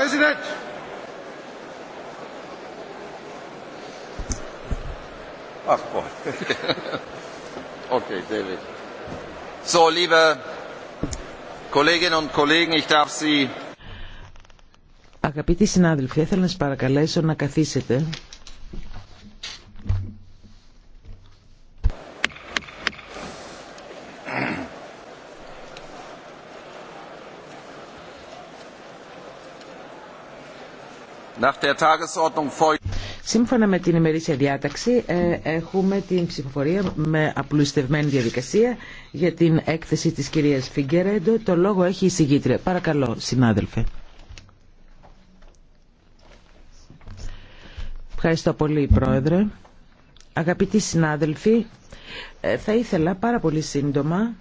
President. Ach Gott. okay, David. So, liebe Kolleginnen und Kollegen, ich darf Sie. Αγαπητοί συνάδελφοι, ήθελα να σας παρακαλέσω να καθίσετε. Σύμφωνα με την ημερήσια διάταξη ε, έχουμε την ψηφοφορία με απλουστευμένη διαδικασία για την έκθεση της κυρίας Φιγκερέντο. Το λόγο έχει η συγγήτρια. Παρακαλώ, συνάδελφε. Ευχαριστώ πολύ, Πρόεδρε. Αγαπητοί συνάδελφοι, ε, θα ήθελα πάρα πολύ σύντομα